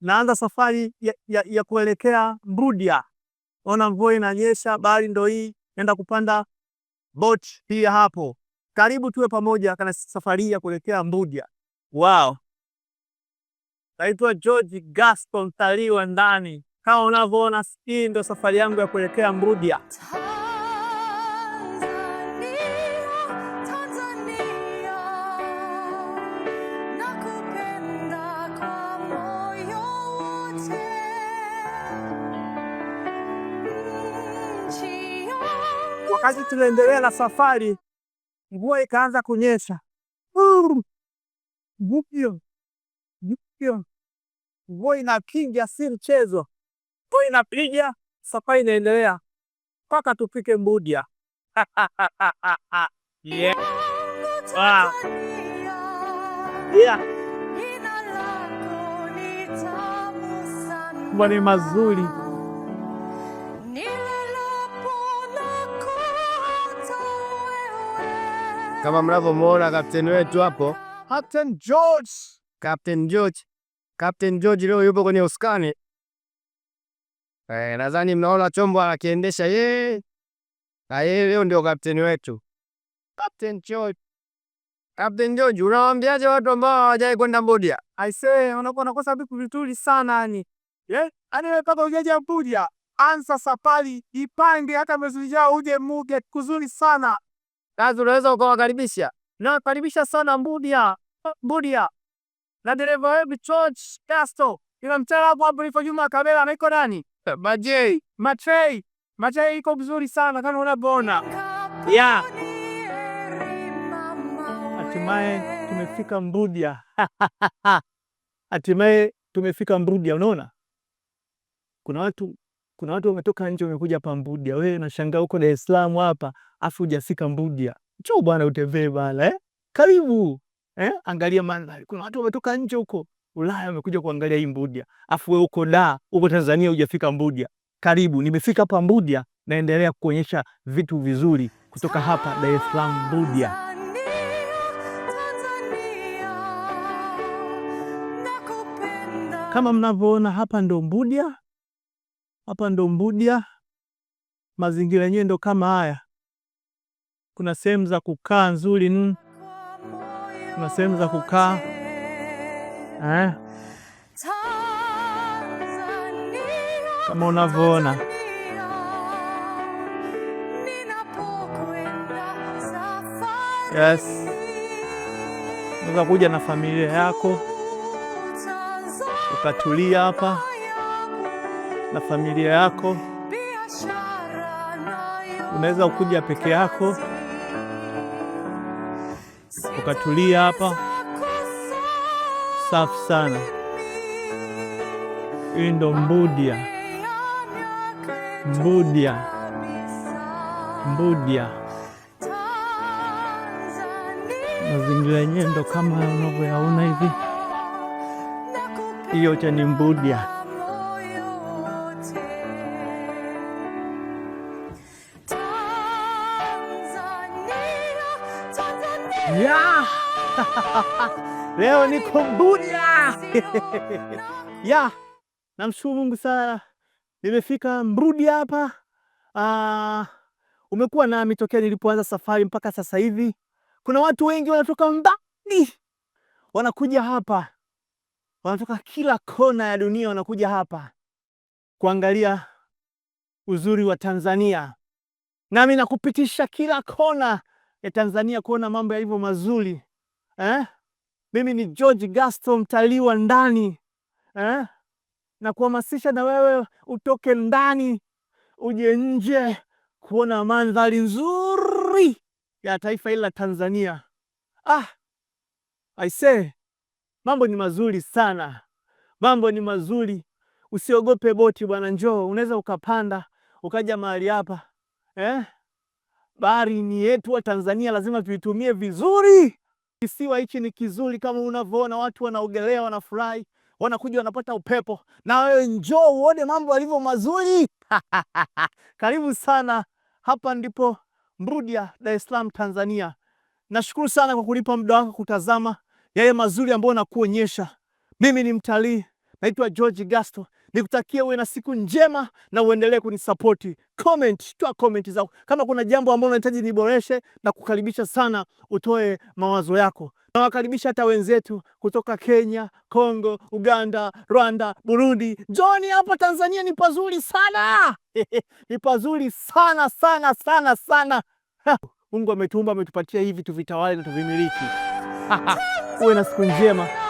naanza safari ya, ya, ya kuelekea Mbrudia. Ona mvua inanyesha, bahari ndo hii, naenda kupanda boat hii hapo. Karibu tuwe pamoja kana safari ya kuelekea Mbrudia. Wow. Naitwa George Gaston Talii wa ndani. Kama unavyoona, hii ndo safari yangu ya kuelekea Mbrudia. Wakati tunaendelea na safari, mvua ikaanza kunyesha vupyo vupyo, mvua inapiga, si mchezo, mvua inapiga. Safari inaendelea mpaka tufike Mbudia. yeah. Wow. Yeah. mazuri kama mnavyomuona kapteni wetu hapo, Captain George, Captain George, Captain George leo yupo kwenye uskani eh, nadhani mnaona chombo anakiendesha yeye, na yeye leo ndio kapteni wetu Captain George. Captain George, unawaambiaje watu ambao hawajai kwenda Mbudia? I say wanakuwa nakosa vitu vizuri sana yani. Yeah? Ani wewe mpaka ujaje Mbudia, anza safari ipange hata mezujao uje muge kuzuri sana kazi unaweza ukawakaribisha na karibisha sana Mbudia Mbudia na dereva wewe George Castro ila mtala hapo hapo ilipo Juma Kabela na iko nani Majei Matei Matei iko mzuri sana kama unapoona Ya. Hatimaye tumefika Mbudia hatimaye tumefika Mbudia, unaona kuna watu kuna watu wametoka nje wamekuja hapa Mbudia. Wewe unashangaa huko Dar es Salaam hapa afu hujafika Mbudia. Njoo bwana utembee bwana eh? Karibu. Eh? Angalia mandhari. Kuna watu wametoka nje huko Ulaya wamekuja kuangalia hii Mbudia. Afu wewe uko da, uko Tanzania hujafika Mbudia. Karibu. Nimefika hapa Mbudia naendelea kuonyesha vitu vizuri kutoka hapa Dar es Salaam Mbudia. Kama mnavyoona hapa ndo Mbudia hapa ndo Mbudya, mazingira yenyewe ndo kama haya. Kuna sehemu za kukaa nzuri n kuna sehemu za kukaa eh, kama unavyoona yes. Unaweza kuja na familia yako ukatulia hapa na familia yako. Unaweza kuja peke yako ukatulia hapa, safi sana. Hii ndo mbudia, mbudia, mbudia. Mazingira yenyewe ndo kama unavyoyaona hivi, hiyo cha ni mbudia. ya Leo niko Buda. Yeah. Namshukuru Mungu sana nimefika Mbrudi hapa. Uh, umekuwa nami tokea nilipoanza safari mpaka sasa hivi. Kuna watu wengi wanatoka mbali wanakuja hapa, wanatoka kila kona ya dunia wanakuja hapa kuangalia uzuri wa Tanzania, nami nakupitisha kila kona ya Tanzania kuona mambo yalivyo mazuri eh? Mimi ni George Gaston, mtalii wa ndani eh? na kuhamasisha na wewe utoke ndani uje nje kuona mandhari nzuri ya taifa hili la Tanzania. Ah, say mambo ni mazuri sana, mambo ni mazuri. Usiogope boti bwana, njoo, unaweza ukapanda ukaja mahali hapa eh? Bahari yetu wa Tanzania lazima tuitumie vizuri. Kisiwa hichi ni kizuri kama unavyoona, watu wanaogelea, wanafurahi, wanakuja, wanapata upepo, na wewe njoo uone mambo yalivyo mazuri. Karibu sana, hapa ndipo Mrudya, Dar es Salaam, Tanzania. Nashukuru sana kwa kulipa muda wako kutazama yale mazuri ambayo nakuonyesha. Mimi ni mtalii naitwa George Gasto. Nikutakia uwe na siku njema na uendelee kunisapoti. Comment, toa comment zako kama kuna jambo ambalo unahitaji niboreshe, na kukaribisha sana utoe mawazo yako. Nawakaribisha hata wenzetu kutoka Kenya, Kongo, Uganda, Rwanda, Burundi. Njoni hapa Tanzania, ni pazuri sana ni pazuri sana sana sana sana. Mungu ametuumba, ametupatia hivi, tuvitawale na tuvimiliki. Uwe na siku njema.